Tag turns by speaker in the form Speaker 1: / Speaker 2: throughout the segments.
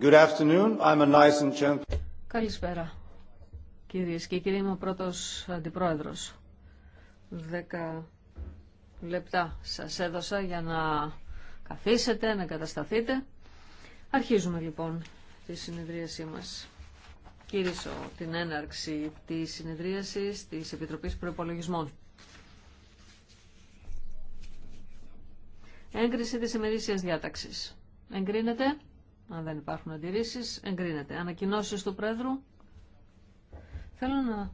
Speaker 1: Good afternoon. I'm Καλησπέρα. Κυρίε και κύριοι, είμαι ο πρώτο αντιπρόεδρο. Δέκα λεπτά σα έδωσα για να καθίσετε, να κατασταθείτε. Αρχίζουμε λοιπόν τη συνεδρίασή μα. Κυρίσω την έναρξη τη συνεδρίαση τη Επιτροπή Προπολογισμών. Έγκριση της ημερήσιας διάταξης. Εγκρίνεται. Αν δεν υπάρχουν αντιρρήσεις, εγκρίνεται. Ανακοινώσεις του Πρόεδρου. Θέλω να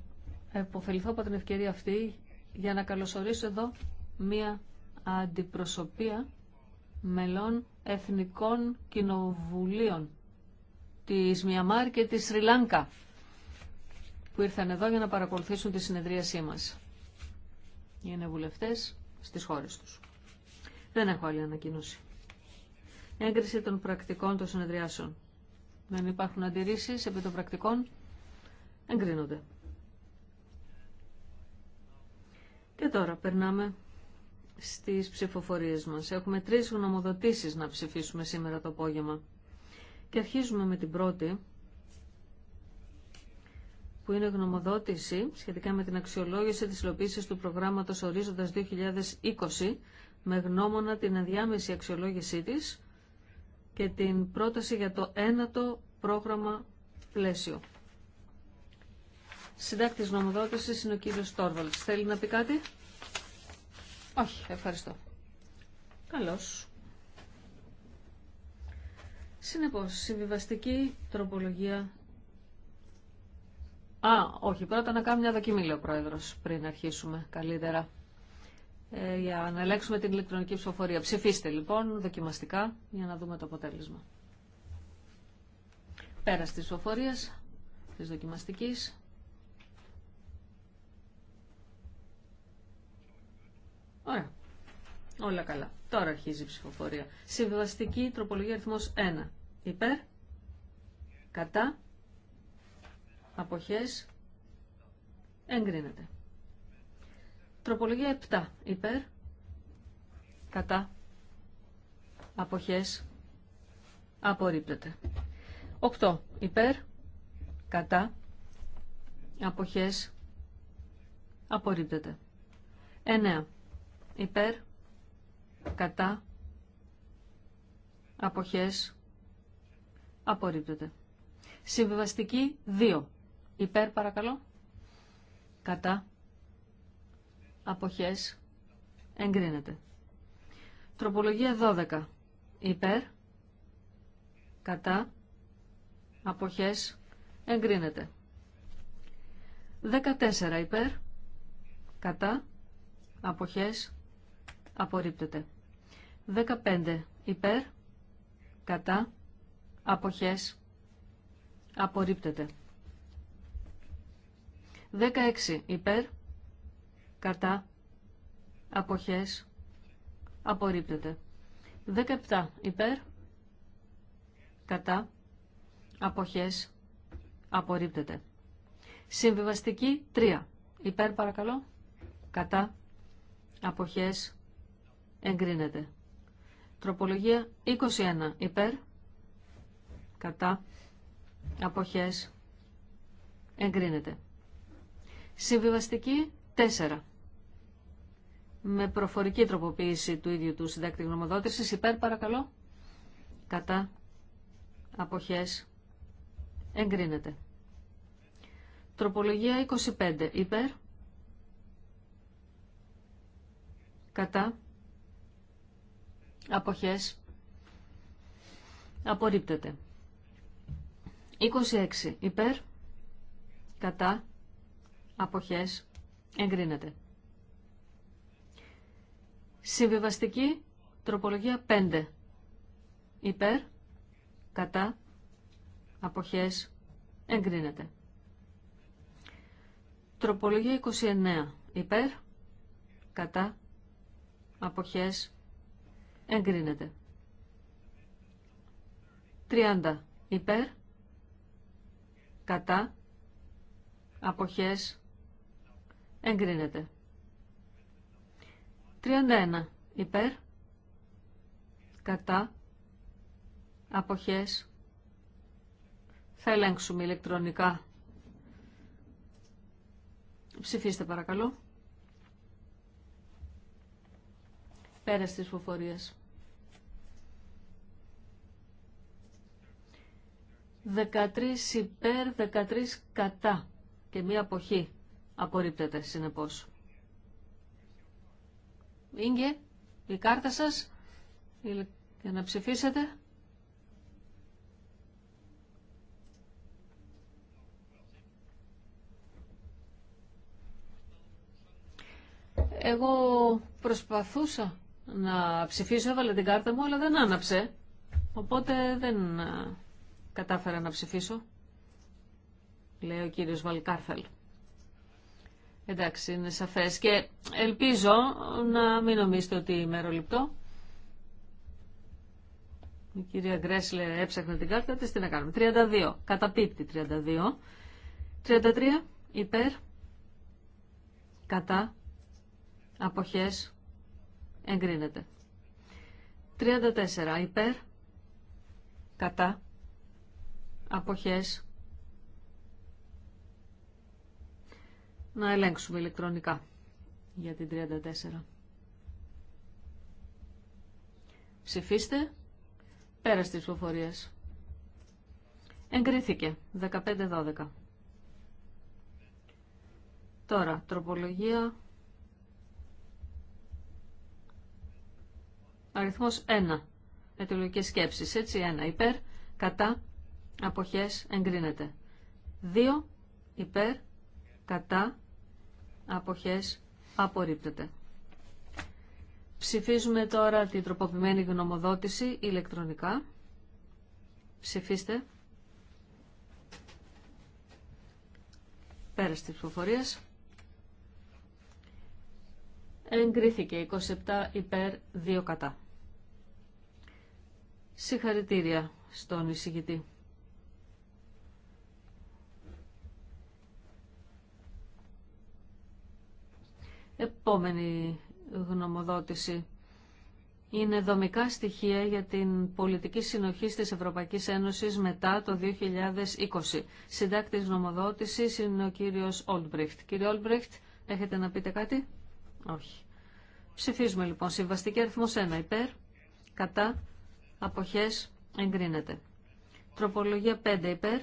Speaker 1: επωφεληθώ από την ευκαιρία αυτή για να καλωσορίσω εδώ μία αντιπροσωπεία μελών εθνικών κοινοβουλίων της Μιαμάρ και της Σρι που ήρθαν εδώ για να παρακολουθήσουν τη συνεδρίασή μας. Είναι βουλευτές στις χώρες τους. Δεν έχω άλλη ανακοίνωση έγκριση των πρακτικών των συνεδριάσεων. Δεν υπάρχουν αντιρρήσει επί των πρακτικών. Εγκρίνονται. Και τώρα περνάμε στις ψηφοφορίες μας. Έχουμε τρεις γνωμοδοτήσεις να ψηφίσουμε σήμερα το απόγευμα. Και αρχίζουμε με την πρώτη, που είναι γνωμοδότηση σχετικά με την αξιολόγηση της υλοποίησης του προγράμματος Ορίζοντας 2020, με γνώμονα την ενδιάμεση αξιολόγησή της, και την πρόταση για το ένατο πρόγραμμα πλαίσιο. Συντάκτης νομοδότησης είναι ο κύριος Τόρβαλτς. Θέλει να πει κάτι? Όχι, ευχαριστώ. Καλώς. Συνεπώς, συμβιβαστική τροπολογία... Α, όχι, πρώτα να κάνω μια δοκιμή, λέει ο Πρόεδρος, πριν αρχίσουμε καλύτερα. Ε, για να ελέγξουμε την ηλεκτρονική ψηφοφορία. Ψηφίστε λοιπόν δοκιμαστικά για να δούμε το αποτέλεσμα. Πέρα τη ψηφοφορία της δοκιμαστικής. Ωραία. Όλα καλά. Τώρα αρχίζει η ψηφοφορία. Συμβαστική τροπολογία αριθμός 1. Υπέρ. Κατά. Αποχές. Εγκρίνεται. Τροπολογία 7 υπέρ. Κατά. Αποχές. Απορρίπτεται. 8 υπέρ. Κατά. Αποχές. Απορρίπτεται. 9 υπέρ. Κατά. Αποχές. Απορρίπτεται. Συμβιβαστική 2. Υπέρ παρακαλώ. Κατά αποχές εγκρίνεται. Τροπολογία 12. Υπέρ, κατά, αποχές εγκρίνεται. 14. Υπέρ, κατά, αποχές απορρίπτεται. 15. Υπέρ, κατά, αποχές απορρίπτεται. 16. Υπέρ, κατά αποχές απορρίπτεται. 17 υπέρ κατά αποχές απορρίπτεται. Συμβιβαστική 3 υπέρ παρακαλώ κατά αποχές εγκρίνεται. Τροπολογία 21 υπέρ κατά αποχές εγκρίνεται. Συμβιβαστική 4 με προφορική τροποποίηση του ίδιου του συντάκτη γνωμοδότησης. Υπέρ παρακαλώ. Κατά. Αποχές. Εγκρίνεται. Τροπολογία 25. Υπέρ. Κατά. Αποχές. Απορρίπτεται. 26. Υπέρ. Κατά. Αποχές. Εγκρίνεται. Συμβιβαστική τροπολογία 5. Υπέρ, κατά, αποχές, εγκρίνεται. Τροπολογία 29. Υπέρ, κατά, αποχές, εγκρίνεται. 30. Υπέρ, κατά, αποχές, εγκρίνεται. 31 υπέρ, κατά, αποχές, θα ελέγξουμε ηλεκτρονικά. Ψηφίστε παρακαλώ. Πέρα στις φοφορίες. 13 υπέρ, 13 κατά και μία αποχή απορρίπτεται συνεπώς. Ίγκε, η κάρτα σας για να ψηφίσετε. Εγώ προσπαθούσα να ψηφίσω, έβαλα την κάρτα μου, αλλά δεν άναψε. Οπότε δεν ε, κατάφερα να ψηφίσω, λέει ο κύριος Βαλκάρθελ. Εντάξει, είναι σαφές. Και ελπίζω να μην νομίζετε ότι ημεροληπτό. Η κυρία Γκρέσλε έψαχνε την κάρτα της, τι να κάνουμε. 32, καταπίπτει 32. 33, υπέρ, κατά, αποχές, εγκρίνεται. 34, υπέρ, κατά, αποχές, να ελέγξουμε ηλεκτρονικά για την 34. Ψηφίστε. Πέρα στις ψηφοφορίες. Εγκρίθηκε. 15-12. Τώρα, τροπολογία... Αριθμός 1. Αιτιολογικές σκέψεις. Έτσι, 1. Υπέρ, κατά, αποχές, εγκρίνεται. 2. Υπέρ, κατά, αποχές, απορρίπτεται. Ψηφίζουμε τώρα την τροποποιημένη γνωμοδότηση ηλεκτρονικά. Ψηφίστε. Πέραστη τη ψηφοφορίας. Εγκρίθηκε 27 υπέρ 2 κατά. Συγχαρητήρια στον εισηγητή. Επόμενη γνωμοδότηση. Είναι δομικά στοιχεία για την πολιτική συνοχή της Ευρωπαϊκής Ένωσης μετά το 2020. Συντάκτης γνωμοδότησης είναι ο κύριος Ολμπριχτ. Κύριε Ολμπριχτ, έχετε να πείτε κάτι? Όχι. Ψηφίζουμε λοιπόν. Συμβαστική αριθμός 1. Υπέρ, κατά, αποχές, εγκρίνεται. Τροπολογία 5. Υπέρ,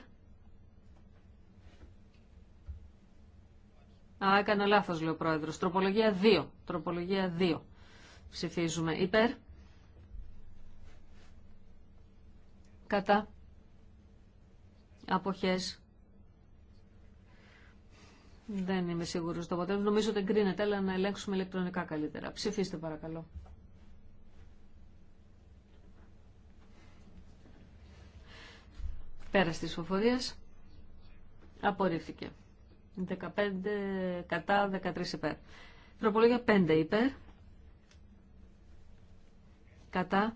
Speaker 1: Α, έκανα λάθο λέει ο Πρόεδρο. Τροπολογία 2. Τροπολογία 2. Ψηφίζουμε υπέρ. Κατά. Αποχές. Δεν είμαι σίγουρο το αποτέλεσμα. Νομίζω ότι εγκρίνεται, αλλά να ελέγξουμε ηλεκτρονικά καλύτερα. Ψηφίστε παρακαλώ. Πέρα τη φοφορία. Απορρίφθηκε. 15 κατά, 13 υπέρ. Τροπολογία 5 υπέρ. Κατά.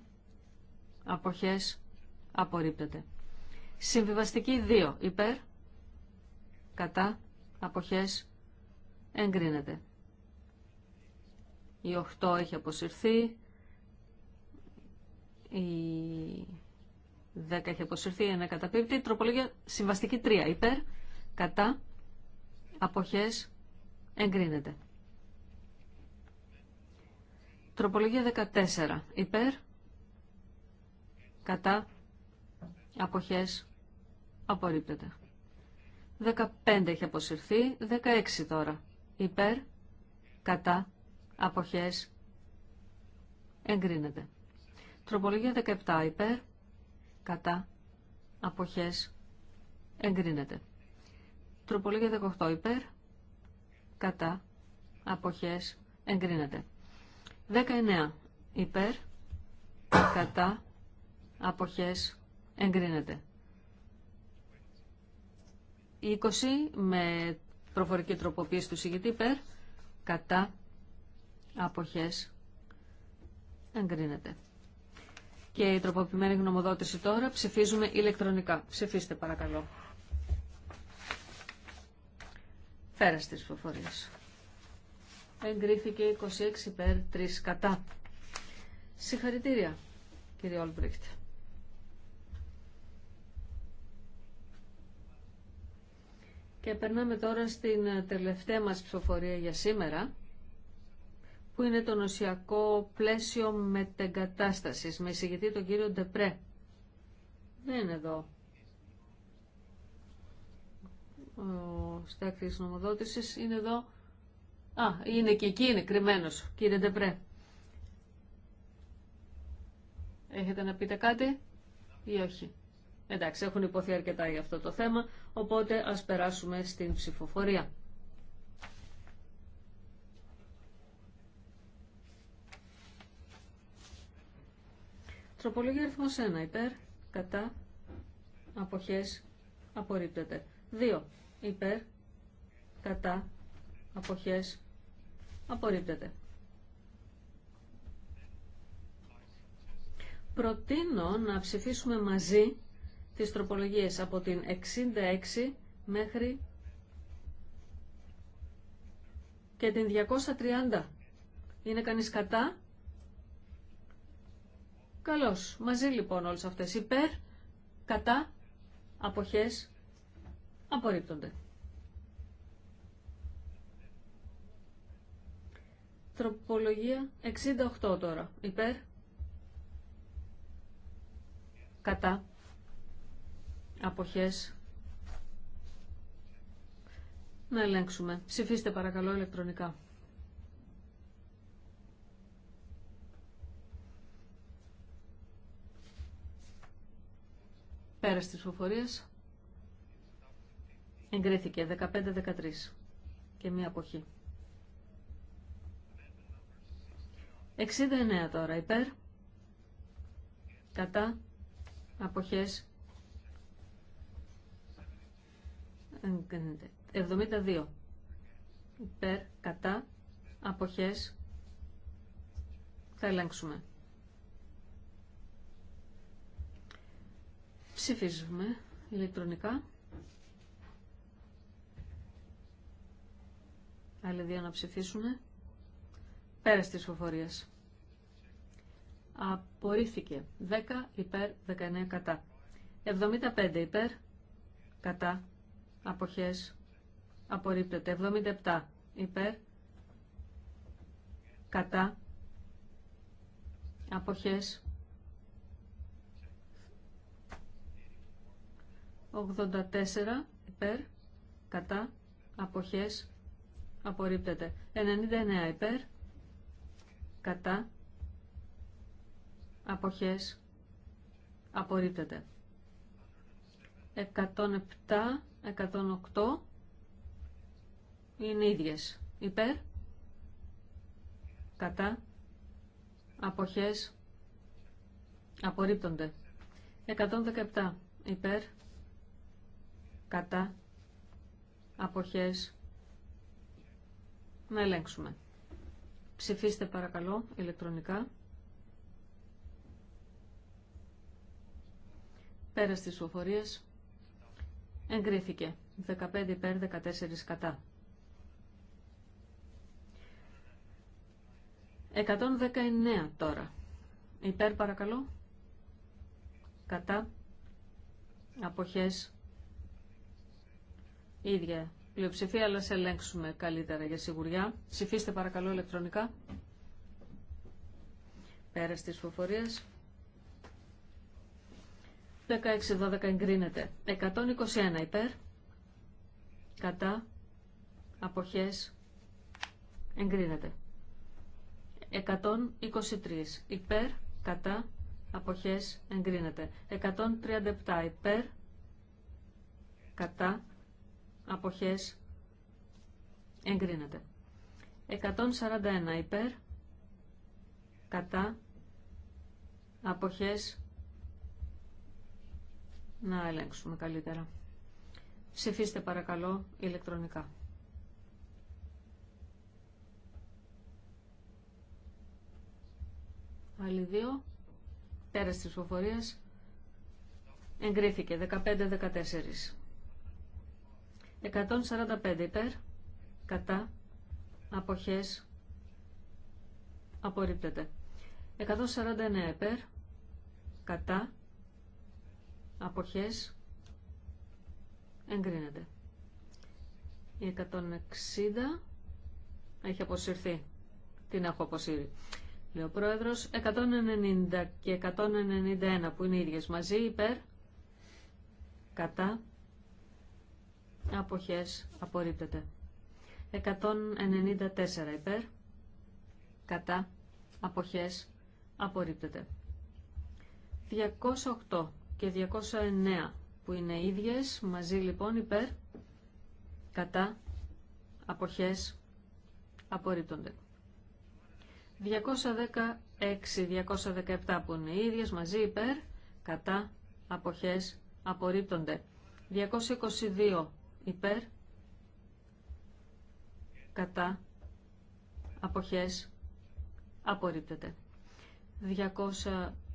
Speaker 1: Αποχές. Απορρίπτεται. Συμβιβαστική 2 υπέρ. Κατά. Αποχές. Εγκρίνεται. Η 8 έχει αποσυρθεί. Η 10 έχει αποσυρθεί. 1 καταπίπτει. Τροπολογία συμβαστική 3 υπέρ. Κατά Αποχές εγκρίνεται. Τροπολογία 14. Υπέρ. Κατά. Αποχές απορρίπτεται. 15 έχει αποσυρθεί. 16 τώρα. Υπέρ. Κατά. Αποχές εγκρίνεται. Τροπολογία 17. Υπέρ. Κατά. Αποχές εγκρίνεται. Τροπολογία 18 υπέρ, κατά, αποχές, εγκρίνεται. 19 υπέρ, κατά, αποχές, εγκρίνεται. 20 με προφορική τροποποίηση του συγγητή υπέρ, κατά, αποχές, εγκρίνεται. Και η τροποποιημένη γνωμοδότηση τώρα ψηφίζουμε ηλεκτρονικά. Ψηφίστε παρακαλώ. Πέρα τη ψηφοφορία. Εγκρίθηκε 26 υπέρ 3 κατά. Συγχαρητήρια, κύριε Όλμπριχτ. Και περνάμε τώρα στην τελευταία μας ψηφοφορία για σήμερα, που είναι το νοσιακό πλαίσιο μετεγκατάστασης, με εισηγητή τον κύριο Ντεπρέ. Δεν είναι εδώ ο συντάκτης νομοδότησης είναι εδώ. Α, είναι και εκεί, είναι κρυμμένος, κύριε Ντεπρέ. Έχετε να πείτε κάτι ή όχι. Εντάξει, έχουν υποθεί αρκετά για αυτό το θέμα, οπότε ας περάσουμε στην ψηφοφορία. Τροπολογία αριθμός 1, υπέρ, κατά, αποχές, απορρίπτεται. 2 υπέρ κατά αποχές απορρίπτεται. Προτείνω να ψηφίσουμε μαζί τις τροπολογίες από την 66 μέχρι και την 230. Είναι κανείς κατά? Καλώς. Μαζί λοιπόν όλες αυτές. Υπέρ, κατά, αποχές, Απορρίπτονται. Τροπολογία 68 τώρα. Υπέρ. Κατά. Αποχές. Να ελέγξουμε. Ψηφίστε παρακαλώ ηλεκτρονικά. Πέρα στις ψηφοφορίες. Εγκρίθηκε 15-13 και μία αποχή. 69 τώρα υπέρ, κατά, αποχές, 72 υπέρ, κατά, αποχές, θα ελέγξουμε. Ψηφίζουμε ηλεκτρονικά. Άλλοι δύο να ψηφίσουν. Πέρα στις φοφορίες. Απορρίφθηκε. 10 υπέρ, 19 κατά. 75 υπέρ, κατά, αποχές, απορρίπτεται. 77 υπέρ, κατά, αποχές, 84 υπέρ, κατά, αποχές, απορρίπτεται. 99 υπέρ, κατά, αποχές, απορρίπτεται. 107, 108 είναι ίδιες. Υπέρ, κατά, αποχές, απορρίπτονται. 117 υπέρ, κατά, αποχές, να ελέγξουμε. Ψηφίστε παρακαλώ ηλεκτρονικά. Πέρα στις ψηφοφορίες εγκρίθηκε 15 υπέρ 14 κατά. 119 τώρα. Υπέρ παρακαλώ. Κατά. Αποχές. Ίδια πλειοψηφία, αλλά σε ελέγξουμε καλύτερα για σιγουριά. Ψηφίστε παρακαλώ ηλεκτρονικά. Πέρα στις ψηφοφορία. 16-12 εγκρίνεται. 121 υπέρ. Κατά. Αποχές. Εγκρίνεται. 123 υπέρ. Κατά. Αποχές εγκρίνεται. 137 υπέρ, κατά, αποχές εγκρίνεται. 141 υπέρ, κατά, αποχές, να ελέγξουμε καλύτερα. Ψηφίστε παρακαλώ ηλεκτρονικά. Άλλοι δύο, πέρας της ψηφοφορίας, εγκρίθηκε 15-14. 145 υπέρ, κατά, αποχές, απορρίπτεται. 149 υπέρ, κατά, αποχές, εγκρίνεται. Η 160 έχει αποσυρθεί. Την έχω αποσύρει. Λέει ο πρόεδρος 190 και 191 που είναι ίδιες μαζί υπέρ, κατά, αποχές απορρίπτεται. 194 υπέρ, κατά, αποχές απορρίπτεται. 208 και 209 που είναι ίδιες, μαζί λοιπόν υπέρ, κατά, αποχές απορρίπτονται. 216-217 που είναι ίδιες μαζί υπέρ, κατά, αποχές απορρίπτονται. 222 υπέρ, κατά, αποχές, απορρίπτεται.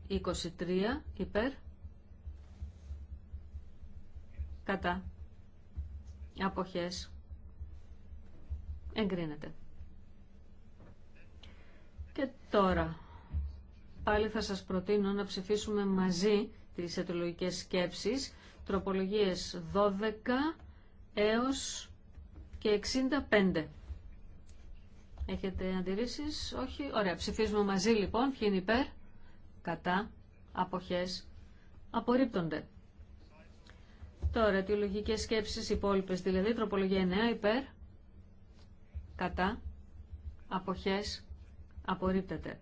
Speaker 1: 223 υπέρ, κατά, αποχές, εγκρίνεται. Και τώρα, πάλι θα σας προτείνω να ψηφίσουμε μαζί τις αιτιολογικές σκέψεις, τροπολογίες 12, έως και 65. Έχετε αντιρρήσει, όχι. Ωραία, ψηφίζουμε μαζί λοιπόν, ποιοι είναι υπέρ, κατά, αποχές, απορρίπτονται. Τώρα, λογικές σκέψεις υπόλοιπε δηλαδή τροπολογία 9, υπέρ, κατά, αποχές, απορρίπτεται.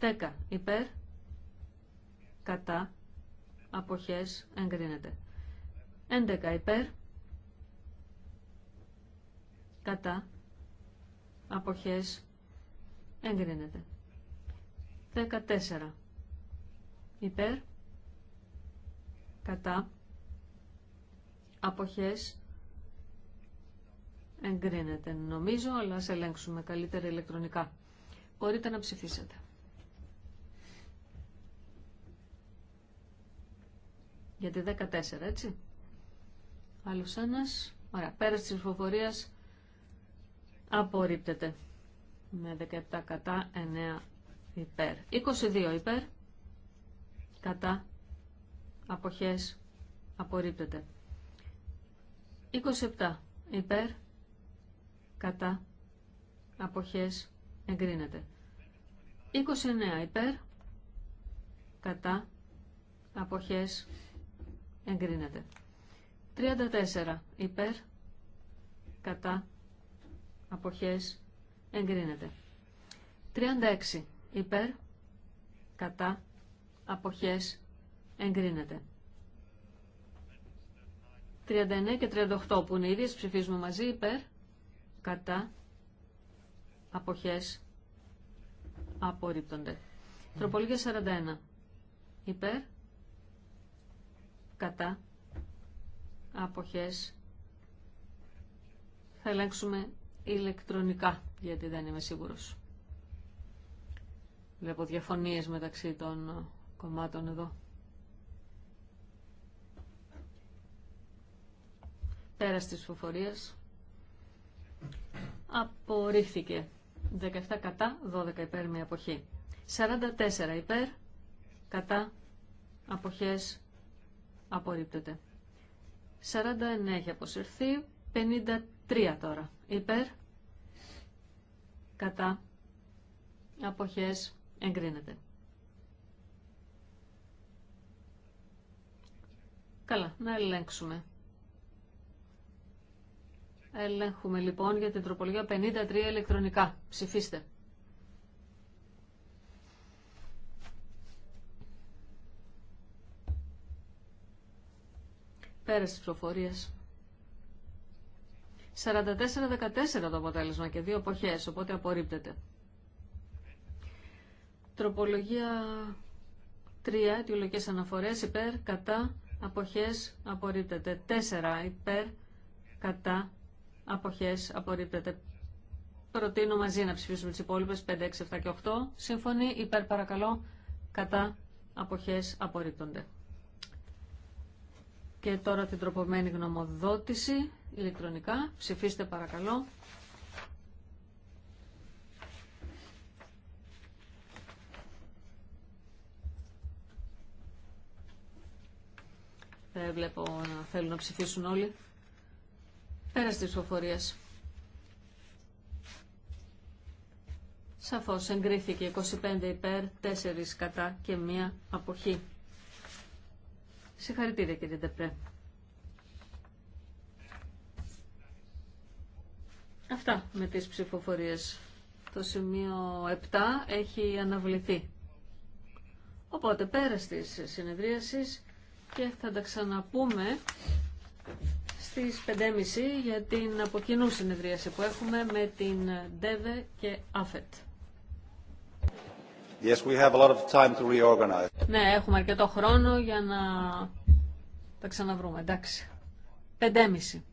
Speaker 1: 10, υπέρ, κατά, αποχές, εγκρίνεται. 11, υπέρ, κατά αποχές εγκρίνεται. 14. Υπέρ κατά αποχές εγκρίνεται νομίζω, αλλά ας ελέγξουμε καλύτερα ηλεκτρονικά. Μπορείτε να ψηφίσετε. Γιατί 14, έτσι. Άλλος ένας. Ωραία, πέρας της ψηφοφορίας απορρίπτεται με 17 κατά 9 υπέρ. 22 υπέρ κατά αποχές απορρίπτεται. 27 υπέρ κατά αποχές εγκρίνεται. 29 υπέρ κατά αποχές εγκρίνεται. 34 υπέρ κατά αποχές εγκρίνεται. 36 υπέρ, κατά, αποχές εγκρίνεται. 39 και 38 που είναι οι ίδιες ψηφίζουμε μαζί υπέρ, κατά, αποχές απορρίπτονται. Τροπολογία 41 υπέρ, κατά, αποχές θα ελέγξουμε ηλεκτρονικά, γιατί δεν είμαι σίγουρος. Βλέπω διαφωνίες μεταξύ των ε, κομμάτων εδώ. Πέρας της φοφορίας απορρίφθηκε 17 κατά, 12 υπέρ μια αποχή. 44 υπέρ, κατά, αποχές, απορρίπτεται. 49 έχει αποσυρθεί, Τρία τώρα. Υπέρ, κατά, αποχές, εγκρίνεται. Καλά, να ελέγξουμε. Ελέγχουμε λοιπόν για την τροπολογία 53 ηλεκτρονικά. Ψηφίστε. Πέρασε τη ψηφοφορίας. 44-14 το αποτέλεσμα και δύο εποχές, οπότε απορρίπτεται. Τροπολογία 3, αιτιολογικές αναφορές, υπέρ, κατά, αποχές, απορρίπτεται. 4, υπέρ, κατά, αποχές, απορρίπτεται. Προτείνω μαζί να ψηφίσουμε τις υπόλοιπες 5, 6, 7 και 8. Σύμφωνοι, υπέρ, παρακαλώ, κατά, αποχές, απορρίπτονται. Και τώρα την τροπομένη γνωμοδότηση ηλεκτρονικά. Ψηφίστε παρακαλώ. Δεν βλέπω να θέλουν να ψηφίσουν όλοι. Πέρα τη ψηφοφορίες. Σαφώς εγκρίθηκε 25 υπέρ, 4 κατά και μία αποχή. Συγχαρητήρια κύριε Ντεπρέ. Αυτά με τις ψηφοφορίες. Το σημείο 7 έχει αναβληθεί. Οπότε πέρα της συνεδρίασεις και θα τα ξαναπούμε στις 5.30 για την αποκοινού συνεδρίαση που έχουμε με την ΔΕΒΕ και ΑΦΕΤ. Yes, we have a lot of time to reorganize. Ναι, έχουμε αρκετό χρόνο για να τα ξαναβρούμε. Εντάξει. 5.30.